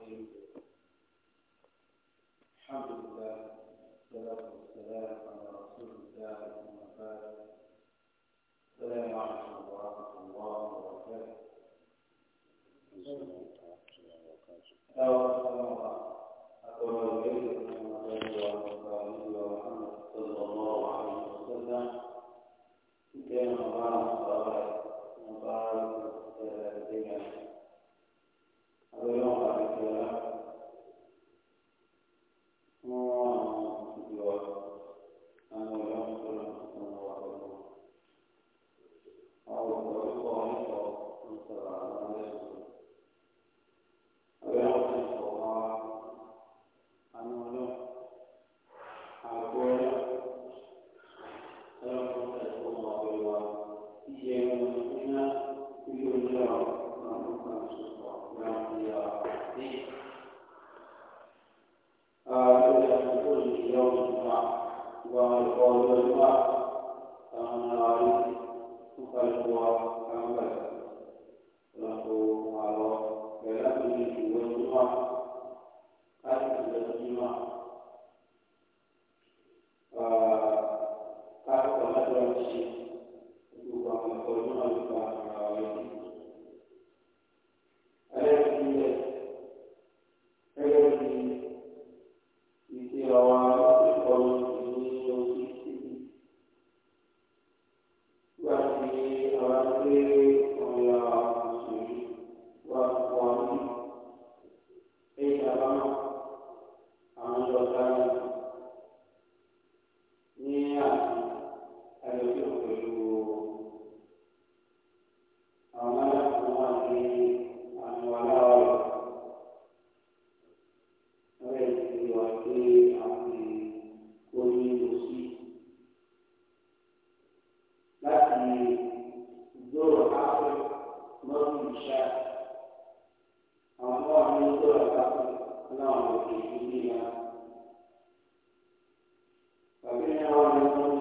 صلى الله عليه وسلم كان الله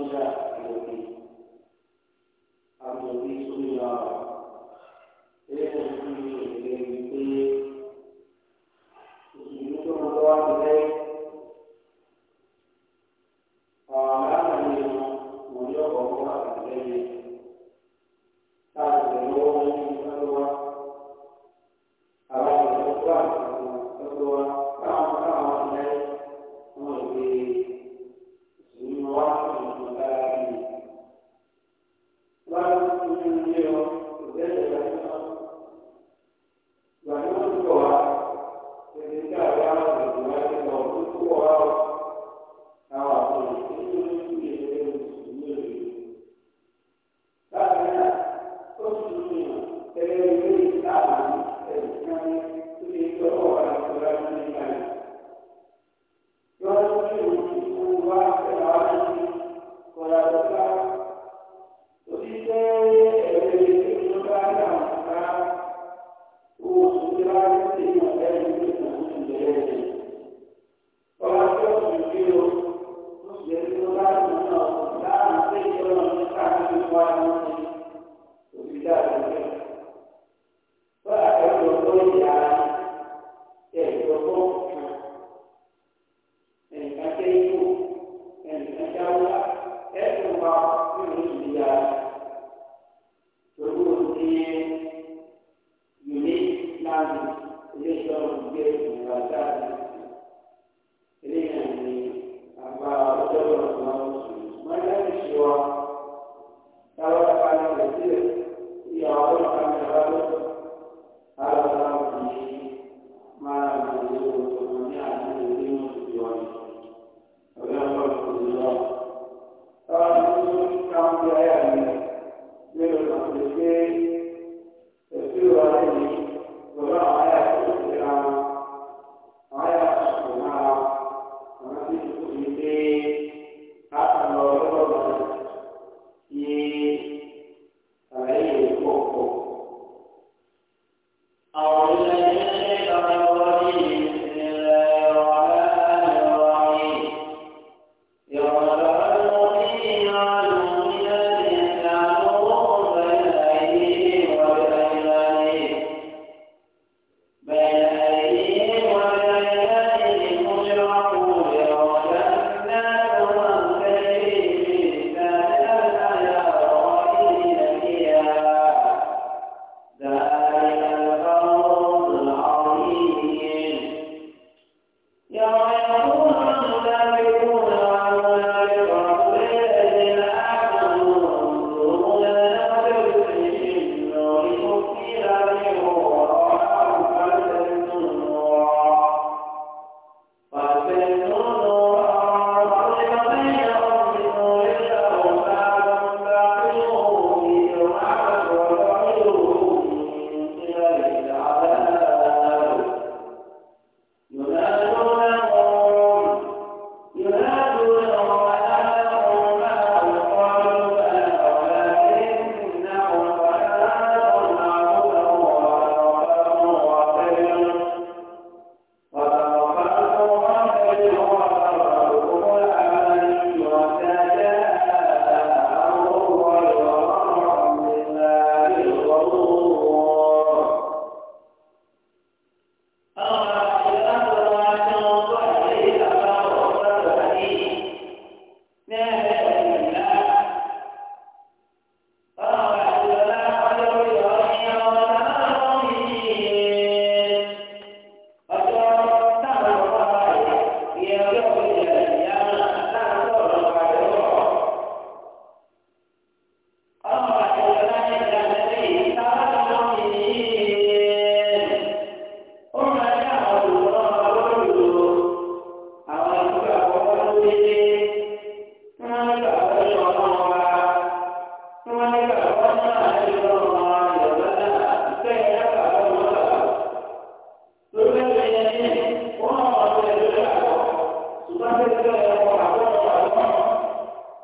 nígbà tó o bí. وأولئك كالظالمين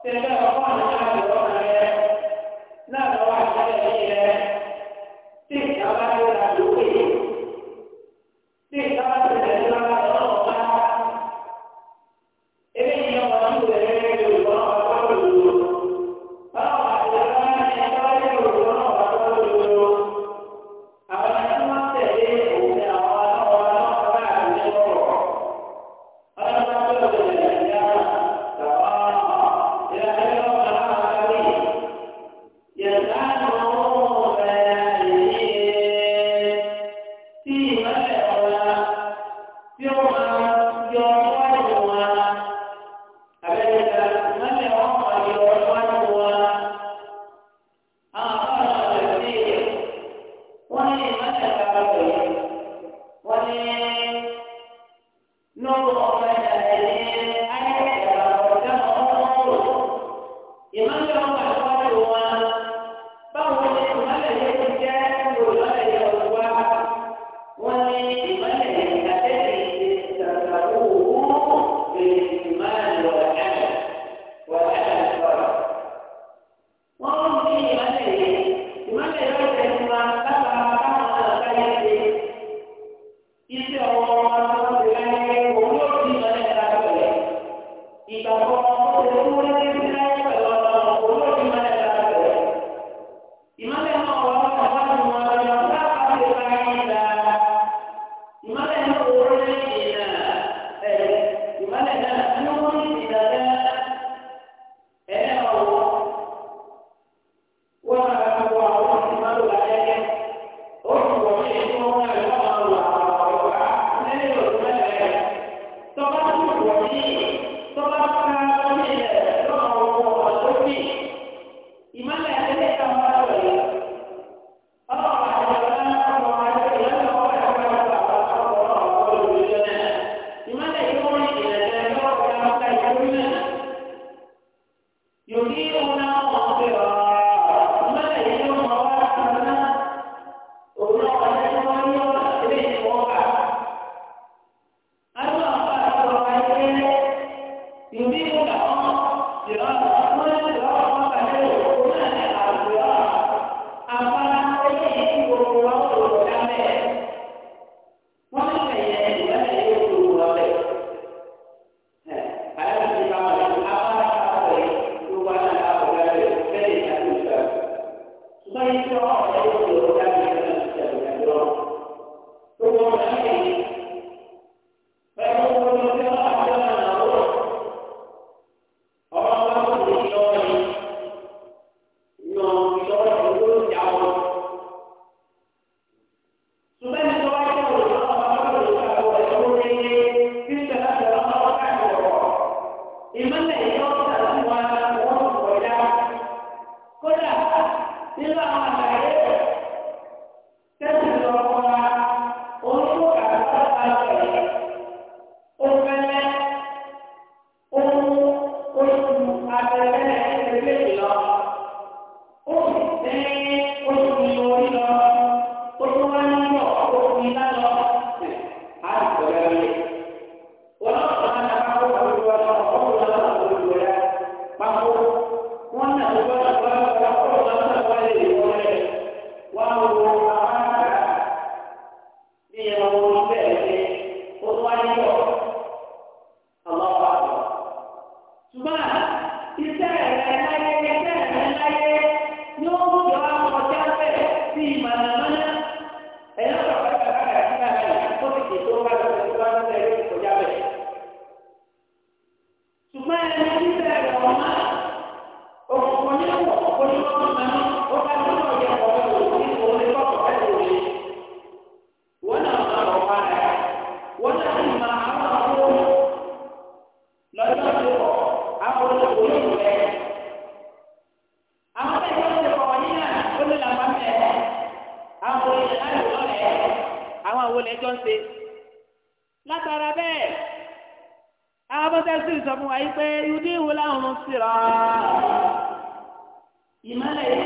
tẹ̀lé ọ̀pọ̀ àná ìmọ̀lẹ̀ yìí.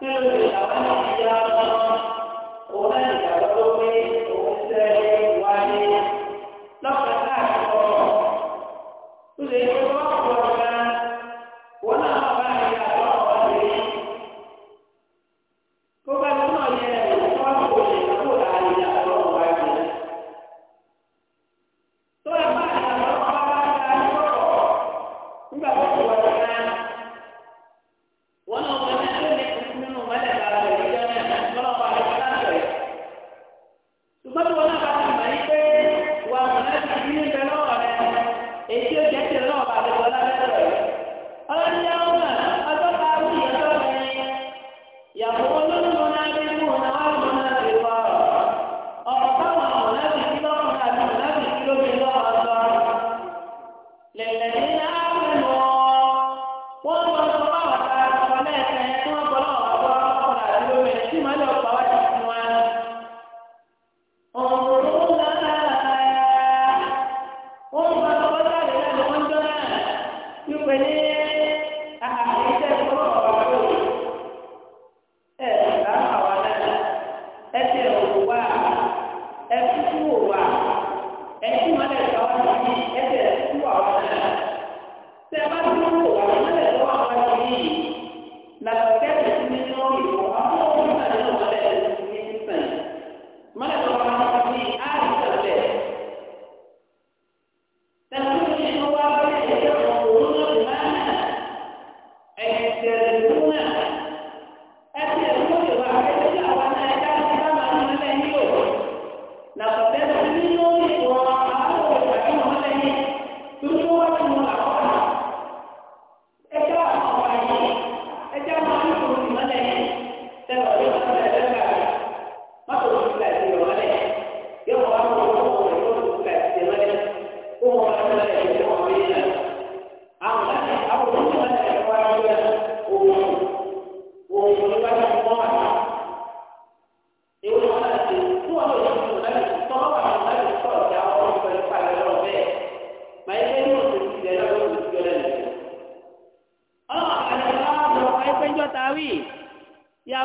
Thank you.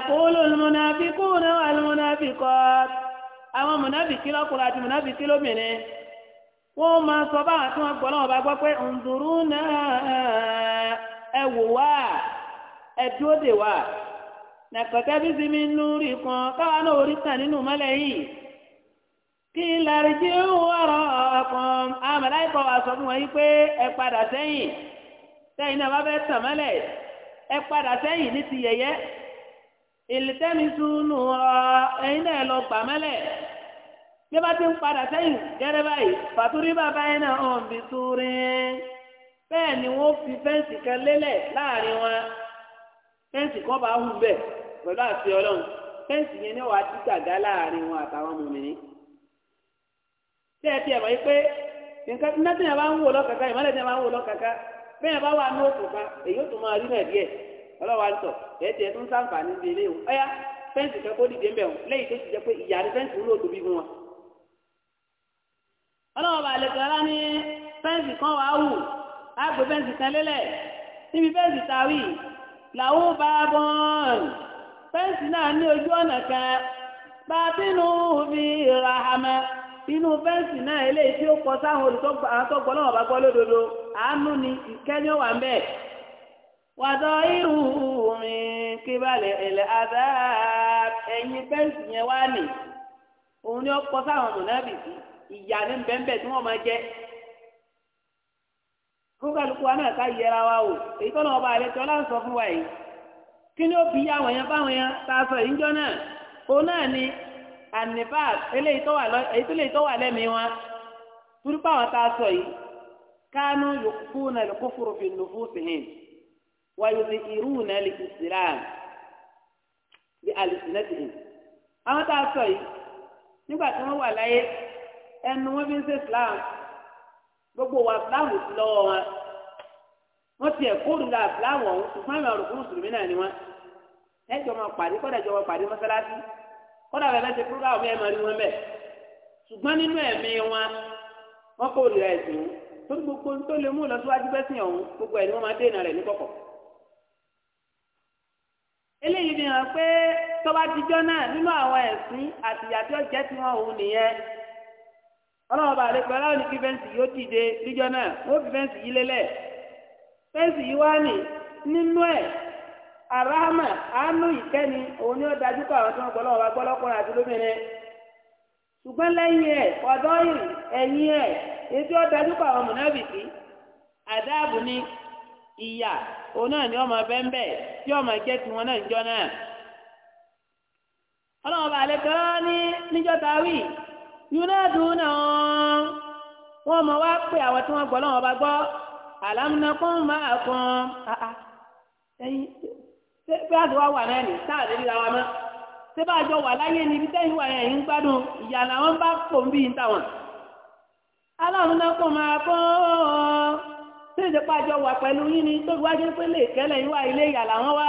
yaqulu al-munafiquna wal-munafiqat a mùnàfíkì lọ́kùnrin àti mùnàfíkì lóbìnrin wọ́n ma sọ báwọn tí wọ́n gbọ́ bá gbọ́ pé ǹdùrúnà ẹ wò wá ẹ dúró dè wá bí rí kan káwa náà orí tàn nínú mọ́lẹ̀ sọ fún wọn yìí pé ẹ padà sẹ́yìn sẹ́yìn náà fẹ́ tàn mọ́lẹ̀ ẹ padà sẹ́yìn ìlítẹ́misu nù ọ ẹ̀yin náà lọ gbà mẹ́lẹ̀ bí wọ́n ti ń padà sẹ́yìn gẹ́rẹ́ báyìí fàtúrí bàbá yẹn náà hàn bí túrí bẹ́ẹ̀ ni wọ́n fi fẹ́ǹsì kan lélẹ̀ láàrin wọn fẹ́ǹsì kan bá hù bẹ́ẹ̀ pẹ̀lú àti ọlọ́run fẹ́ǹsì yẹn náà wà á ti gàgá láàrin wọn àtàwọn mòmìnì tí ẹ ti ẹ̀ wáyé pé nǹkan tí náà tí yẹn bá ń wò lọ́kàkà ìmọ̀lẹ̀ tí yẹn bá ń wò lọ́kàkà bẹ́ẹ̀ bá wà ní òkùnfà èyí ó tún máa rí náà ọlọ́wà ń tọ̀ ẹ̀ẹ́dì ẹ̀tún sáǹfààní ti ilé o ọ̀yá fẹ́ǹsì kan kó dìde mbẹ̀ lẹ́yìn tó ti jẹ́ pé ìyá ni fẹ́ǹsì ń lò tóbi fún wọn. ọlọ́wà balẹ̀ kọ́lá ní fẹ́ǹsì kan wàá wù á gbé fẹ́ǹsì kan lélẹ̀ níbi fẹ́ǹsì tàwí làwọn bá bọ́ọ̀n fẹ́ǹsì náà ní ojú ọ̀nà kan bá bínú fi ra hamẹ́ inú fẹ́ǹsì náà eléyìí tí ó kọ sáwọn olùtọ́gbọ́ ọlọ́wọ́ bá gbọ́ lódodo àánú ni ìkẹ́ni ó wà ń bẹ̀ wàdọ̀ irú kíbalẹ̀ ẹ̀lẹ́ àbá ẹ̀yin fẹ́ǹsì yẹn ni ó kọ sáwọn mọ̀nàbì sí ìyá ní bẹ́ńbẹ́ tí wọ́n máa wa o èyí tó náà ọba àlẹ́ tí sọ fún wa yìí kí ni ó fi yá wọ̀nyẹn tá a sọ jọ náà náà ni anifas eléyìí tó wà lẹ́mìí wọn turúpà wọn tá a sọ yìí kánú yòókù náà sí wàyùsì ìrúnà lè islam bí alìsínẹ́tì hìn. àwọn tá a sọ yìí nígbà tí wọ́n wà láyé ẹnu wọn fi ń ṣe islam gbogbo wa islam ti lọ́wọ́ wọn wọ́n ti ẹ̀kọ́ òrùlé islam ọ̀hún ṣùgbọ́n àwọn ọ̀rùkú mùsùlùmí náà ni wọ́n ẹjọ́ máa pàdé kọ́dà ìjọba pàdé mọ́sálásí kọ́dà bẹ́ẹ̀ lọ́sẹ̀ program ẹ̀ máa rí wọn bẹ́ẹ̀ ṣùgbọ́n nínú ẹ̀mí wọn wọ́n kó òrùlé ẹ̀sìn tó gbogbo tó lè mú ìlọsíwájú bẹ́sìn ọ̀hún gbogbo ẹ̀ ni wọ́n máa dé ìnà rẹ̀ ní kọ̀kọ̀ eléyìí fi hàn pé tọ́ba dijọ́ náà nínú àwọn ẹ̀sìn àtìyàtọ̀ jẹ́ ti wọn òun nìyẹn ọlọ́run bá àlepẹ́ aláwọ̀ ní kí fẹ́ǹsì yóò dìde dijọ́ náà wọ́n fi fẹ́ǹsì yí lélẹ̀ fẹ́ǹsì yìí wá nì nínú ẹ̀ àràmà àánú ìkẹ́ni òun ni ó dájú kọ́ àwọn tí wọ́n gbọ́ lọ́wọ́ bá gbọ́ lọ́kùnrin àti ìyà òun náà ni ọmọ bẹ́ńbẹ́ tí ọmọ jẹ́ tiwọn náà ń jọ náà. ọlọ́run bá lè tọ́ ní níjọ́ táwí yúnádùn náà wọ́n mọ̀ wá pé àwọn tí wọ́n gbọ́ lọ́wọ́ bá gbọ́ àlámúnákún máa kan ẹyin ṣé bí a ti wá wà náà nì sáà lè ríra wa mọ́ ṣé bá a jọ wà láyé ni ibi tẹ́yìn wà yẹn ń gbádùn ìyà làwọn bá pò ń bí ń tàwọn. alámúnákún máa kan ọ́ tí ìjọba àjọ wà pẹ̀lú yín ni tó wájú pé lè kẹ́lẹ̀ yín wá ilé ìyà làwọn wà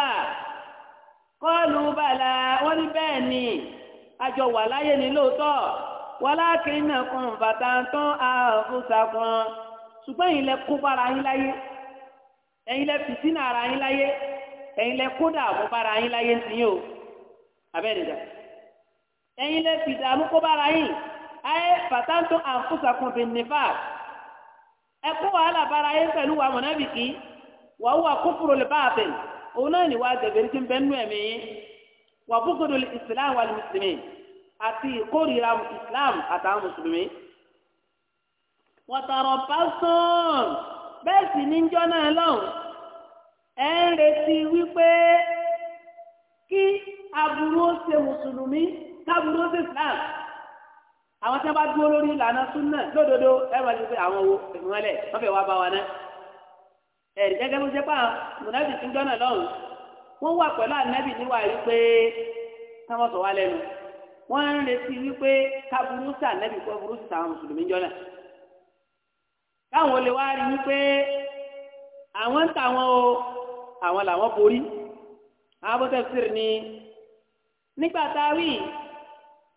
kọ́ọ̀lù bàlà wọ́n ní bẹ́ẹ̀ ni àjọ wà láyé ni lóòótọ́ wàlákìnnà kan bàtà tán àfúsà kan ṣùgbọ́n ẹ̀yin lẹ kó bára yín láyé ẹ̀yin lẹ fìtínà ara yín láyé ẹ̀yin lẹ kó dààmú bára yín láyé ń sìn yín o abẹ́rẹ́dà ẹ̀yin lẹ fìdààmú kó bára yín ayé bàtà tán àfúsà kan bẹ̀ nífà ẹkún wàhálà bára ayé pẹ̀lú wa mọ̀nàbìkì wà wúwa kófòrò lè báàbẹ̀ òun náà ni wà á dẹ̀bẹ̀rẹ̀ tí ń bẹ́ nú ẹ̀mí wà búkúdù ìsìlám wà mùsùlùmí àti ìkórìíra ìsìlám àtàwọn mùsùlùmí. wọ́tàrọ̀ pásán bẹ́ẹ̀ sì ní jọ́ náà lọ́hùn ẹ̀ ń retí wípé kí aburú ó ṣe mùsùlùmí káburú ó ṣe ìsìlám àwọn tí wọn bá dúró lórí ìlànà súnà lódodo ẹ máa ti pé àwọn wo ìmọ̀lẹ̀ wọn fẹ́ wá bá wa náà ẹ̀rí gẹ́gẹ́ bó ṣe pa mùnàbì tí ń jọ́nà lọ́rùn wọ́n wà pẹ̀lú ànábì níwà wípé káwọn sọ wá lẹ́nu wọ́n ń retí wípé káburú sí ànábì kó burú sí àwọn mùsùlùmí jọ́nà káwọn olè wá rí wípé àwọn ń tàwọn o àwọn làwọn borí àwọn bó tẹ̀síìrì ni nígbà táwí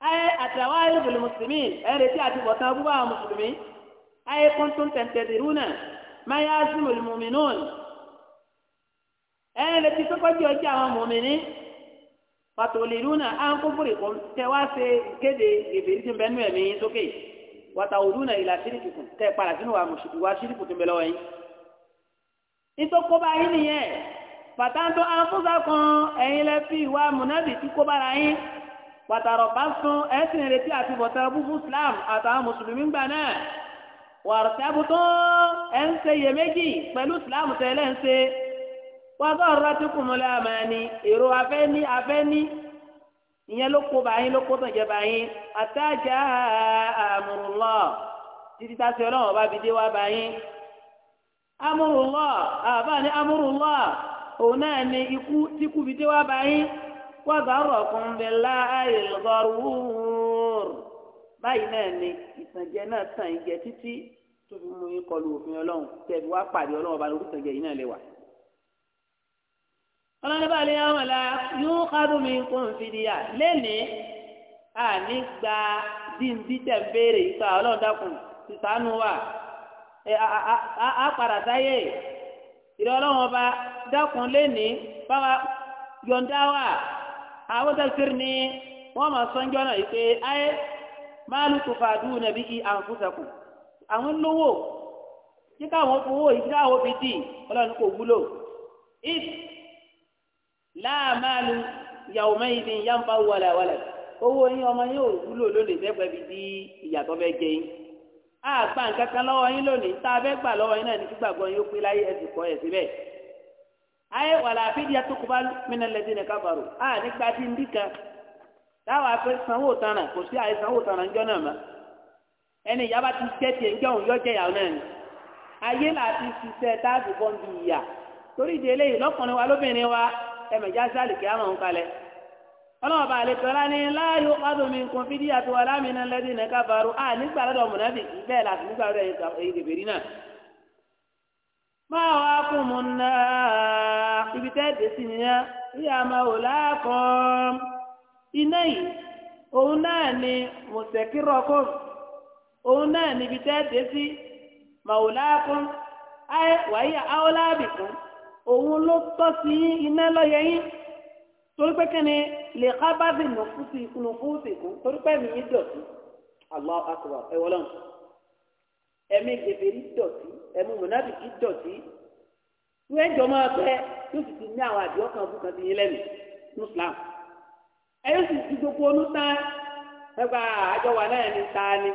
ayé àtàwọn ayé lóbìnrin mùsùlùmí ẹ retí àti bọ̀tán gbogbo àwọn mùsùlùmí ayé kúntùn tẹ̀ntẹ̀dìrúnà máyà símùlù mùmínún ẹ retí sọ́kọ́jì ọjà àwọn mùmíní pàtòlìrúnà ànkúfúrì kún tẹwàá ṣe kéde gèbèrè tí ń bẹnu ẹ̀mí sókè wàtàwùrúnà ìlà síríkì kún tẹ padà sínú wa mùsùlùmí wa síríkì tó ń bẹ lọ́wọ́ yín. ìtòkóbá yín nìyẹn pàtàkùn àǹfọ̀sà kan ẹ̀yin lẹ́fì wa mùnàbì tí kóbára yín pàtàrọ̀ bá sún ẹ̀sìn ìrètí àti bọ̀tà búbú islam àtàwọn mùsùlùmí gbà náà wàrùtẹ́bù tó ẹ̀ ń ṣe iyèméjì pẹ̀lú islam tẹ́lẹ̀ ń ṣe wọ́n sọ̀rọ̀ láti kùmùlẹ̀ àmàní èrò afẹ́ni afẹ́ni ìyẹn ló kó báyìí ló kó tọ̀jẹ̀ báyìí àtàjà àmùrùlọ́ títí táṣí ọlọ́run ọba fi dé wá báyìí àmùrùlọ́ àbáni àmùrùlọ́ òun náà ni ikú tíkú fi dé wá báyìí. وَذَرَكُمْ بِاللَّهِ الْغَرُورُ báyìí náà ni ìtànjẹ náà tàn ìjẹ títí tó fi mú yín kọlu òfin ọlọ́run tẹ̀bí wá pàdé ọlọ́run bá lórí ìtànjẹ yìí náà lè wà. ọlọ́run bá lè yàwọn la yóò kádùn mi kó n fi díyà lẹ́nìí àní gba díndí tẹ̀ ń béèrè ìta ọlọ́run dákun tìtánú wà á padà sáyé ìrẹ́ ọlọ́run ọba dákun lẹ́nìí báwa yọ̀ǹda wà àwọn tẹ̀síìrì ni wọ́n máa sọ ń jọ́nà yìí pé ayé máàlù tó fà dùn nàbí kí àǹfùsàkù àwọn lówó kí káwọn fowó yìí káwọn fi dì ọlọ́run kò wúlò if láàmàlù yàwó mẹ́yìn ni yàǹfà wàlàwàlà owó yín ọmọ yín ò wúlò lónìí fẹ́ẹ́ fi di ìyàtọ̀ fẹ́ jẹ yín àgbà nǹkan kan lọ́wọ́ yín lónìí tá a fẹ́ gbà lọ́wọ́ yín náà ní gbígbàgbọ́ yín ó pé láyé ẹ̀sìn kọ́ ẹ̀sìn bẹ́ẹ̀. ayé wàlá fídíà tó kó bá mìíràn lẹ́sìn kábàrò a nígbà tí ń dì kan táwọn afẹ́ sanwó tanà kò sí àyè sanwó tanà ńjọ́ náà mọ́ ẹni ìyába ti tẹ́tì ẹ̀ńjọ́ òun jẹ ìyàwó náà ni ayé láti ṣiṣẹ́ táàbù bọ́ǹdì ìyà torí ìdí eléyìí lọ́kùnrin wa lóbìnrin wa ẹ̀mẹ̀já sálì kí á mọ̀ ń kalẹ̀ ọlọ́ọ̀bà àlekọ́lá ni láàyò ọdúnmi nǹkan fídíà tó wà láàmì náà lẹ́sìn ní kábàrò a nígbà lọ́dọ̀ mùnàfíì bẹ́ẹ̀ láti máa wá kún mu náà ibi tẹ́ẹ̀dì sí nìyẹn yíyá máa wò láàkọ́ iná yìí òun náà ni mùsẹ̀kírọ́kùn òun náà ni ibi tẹ́ẹ̀dì sí màwùlákùn wàyí àwòlábìkùn òun ló tọ́ sí iná lọ́yẹ yín torí pé kí ni lè ká bá bí nùfúsì nùfúsì kún torí pé mi dọ̀tí Allahu akbar ẹ̀wọ̀n lọ́n ẹ̀mí gbèbèrè dọ̀tí ẹ̀mú mọ̀nàbìkì dọ̀tí wọ́n ẹ̀jọ̀ máa fẹ́ yóò sì ti ní àwọn àdìọ́ kan fún kan ti yín lẹ́nu ní Islam ẹ yóò sì ti gbogbo onú tán ẹgbà àjọ wà náà ní ta ni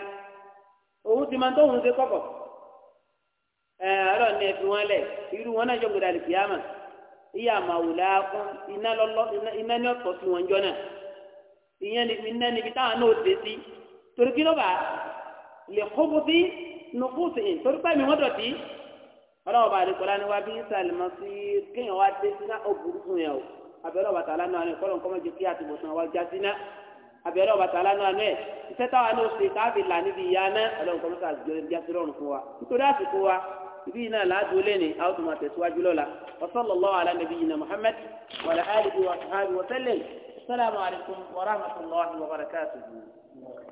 òun ti máa tóun ṣe kọ̀kọ̀ ẹ ọ̀rọ̀ ni ẹ fi wọn lẹ̀ irú wọn náà jọ gbọdọ̀ àlùkìyàmà ìyá màwùlà fún iná lọ́lọ́ iná ní ọ̀tọ̀ sí wọn jọ náà ìyẹn iná níbi táwọn náà ó dé sí torí kí ló bá lè kó bó bí nùkúùsì ìn torí pé mi wọ́n dọ̀tí ọlọ́wọ́ bá àdìkọ́lá ni wá bí sàlìmọ́ sí kéèyàn wá dé síná ó burú fún yẹn o abẹ́rẹ́ ọ̀bàtà alánú àná ìkọ́lọ̀ nǹkan mọ́jú kí àtìmọ̀tàn wá já síná abẹ́rẹ́ ọ̀bàtà alánú àná ẹ̀ iṣẹ́ táwa ní oṣù káàbì là níbi ìyá náà ọlọ́run kọ́ mọ́tà jọ já sí rọrùn fún wa nítorí àsìkò wa ibi yìí náà láàdúró lẹ́ni a ó tún máa tẹ̀síwájú lọ́la